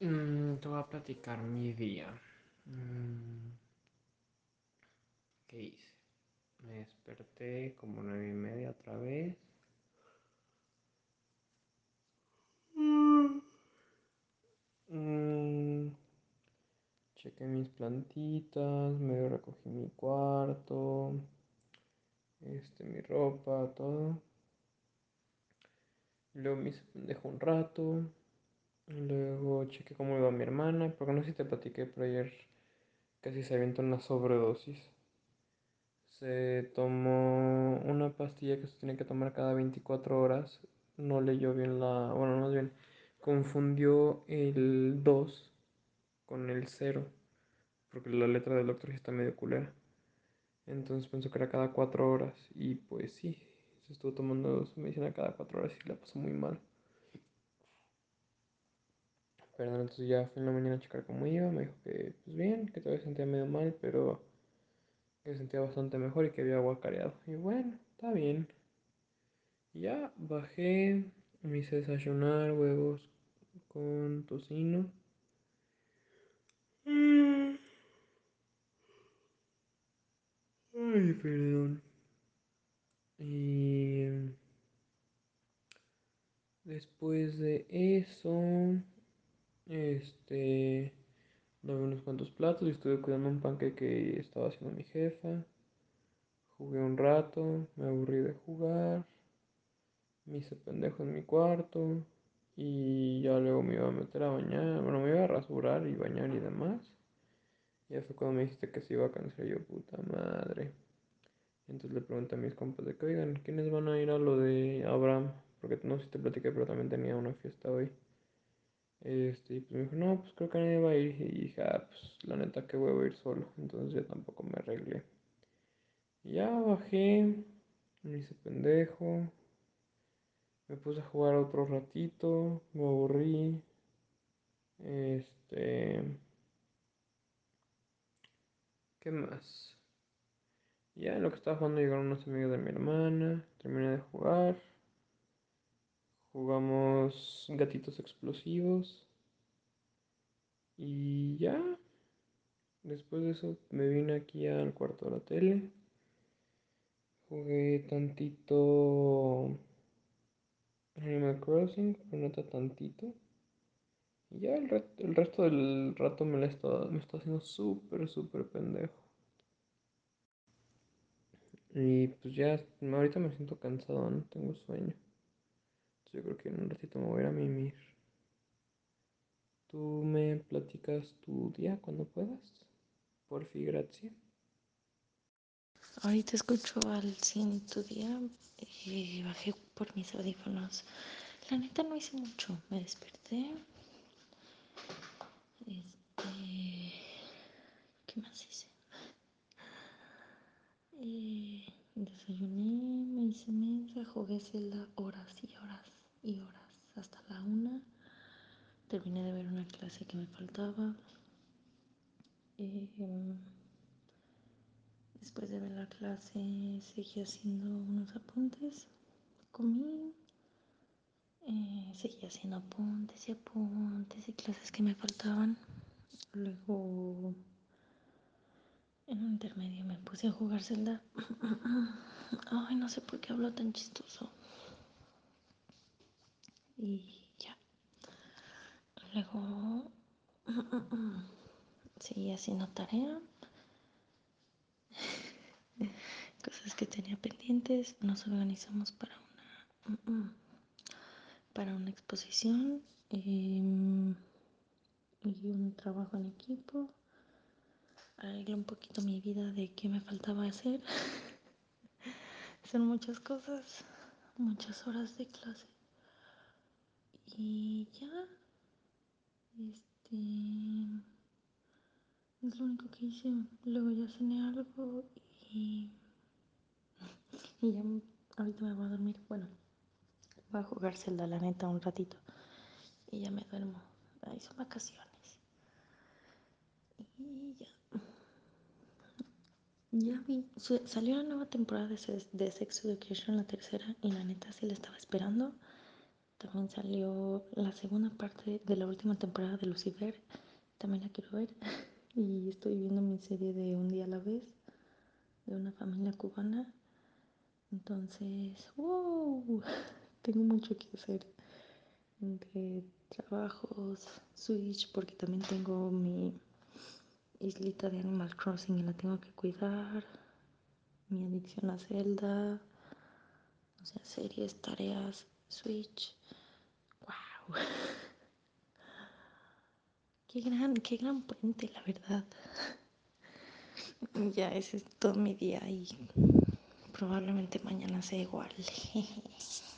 Mm, te voy a platicar mi día. Mm. ¿Qué hice? Me desperté como nueve y media otra vez. Mm. chequé mis plantitas, Me recogí mi cuarto, este, mi ropa, todo. Luego me hice un rato. Luego chequé cómo iba mi hermana, porque no sé si te platiqué, pero ayer casi se avientó una sobredosis. Se tomó una pastilla que se tiene que tomar cada 24 horas. No leyó bien la. Bueno, más bien, confundió el 2 con el 0, porque la letra del doctor está medio culera. Entonces pensó que era cada 4 horas, y pues sí, se estuvo tomando su medicina cada 4 horas y la pasó muy mal. Perdón, entonces ya fue en la mañana a checar cómo iba, me dijo que pues bien, que todavía sentía medio mal, pero que sentía bastante mejor y que había agua careado. Y bueno, está bien. Ya bajé, me hice desayunar huevos con tocino. Mm. Ay, perdón. Y después de eso... Este, lavé unos cuantos platos y estuve cuidando un panque que estaba haciendo mi jefa. Jugué un rato, me aburrí de jugar. Me hice pendejo en mi cuarto. Y ya luego me iba a meter a bañar. Bueno, me iba a rasurar y bañar y demás. Ya fue cuando me dijiste que se iba a cancelar yo, puta madre. Entonces le pregunté a mis compas de que, oigan, ¿quiénes van a ir a lo de Abraham? Porque no sé si te platiqué, pero también tenía una fiesta hoy. Este, y pues me dijo, no, pues creo que nadie va a ir. Y dije, ah, pues la neta que voy a ir solo. Entonces yo tampoco me arreglé. ya bajé, me hice pendejo. Me puse a jugar otro ratito, me aburrí. Este. ¿Qué más? Ya en lo que estaba jugando llegaron unos amigos de mi hermana. Terminé de jugar. Jugamos gatitos explosivos. Y ya. Después de eso me vine aquí al cuarto de la tele. Jugué tantito Animal Crossing, pero no tantito. Y ya el, resto del rato me, la está, me está haciendo súper, súper pendejo. Y pues ya, ahorita me siento cansado, no tengo sueño. Yo creo que en un ratito me voy a ir a mimir. Tú me platicas tu día cuando puedas. Porfi, gracias. Ahorita escucho al 100 tu día eh, bajé por mis audífonos. La neta no hice mucho, me desperté. Este, ¿Qué más hice? Eh, desayuné, me hice mesa. jugué celda horas y horas y horas, hasta la una. Terminé de ver una clase que me faltaba. Mm, después de ver la clase seguí haciendo unos apuntes. Comí. Eh, seguí haciendo apuntes y apuntes y clases que me faltaban. Luego en un intermedio me puse a jugar celda. Ay, no sé por qué hablo tan chistoso y ya. Luego seguí haciendo tarea. Cosas que tenía pendientes. Nos organizamos para una para una exposición y, em, y un trabajo en equipo. Arreglé un poquito mi vida de qué me faltaba hacer. Son muchas cosas, muchas horas de clase. Y ya este es lo único que hice luego ya cené algo y, y ya ahorita me voy a dormir bueno voy a jugar Zelda la neta un ratito y ya me duermo ahí son vacaciones y ya ya vi, salió la nueva temporada de, de Sex Education, la tercera, y la neta sí la estaba esperando. También salió la segunda parte de la última temporada de Lucifer. También la quiero ver. Y estoy viendo mi serie de Un día a la vez, de una familia cubana. Entonces, wow, tengo mucho que hacer. De... trabajos, Switch, porque también tengo mi islita de Animal Crossing y la tengo que cuidar. Mi adicción a Zelda. O sea, series, tareas, Switch. ¡Wow! Qué gran, qué gran puente, la verdad. Ya ese es todo mi día y probablemente mañana sea igual.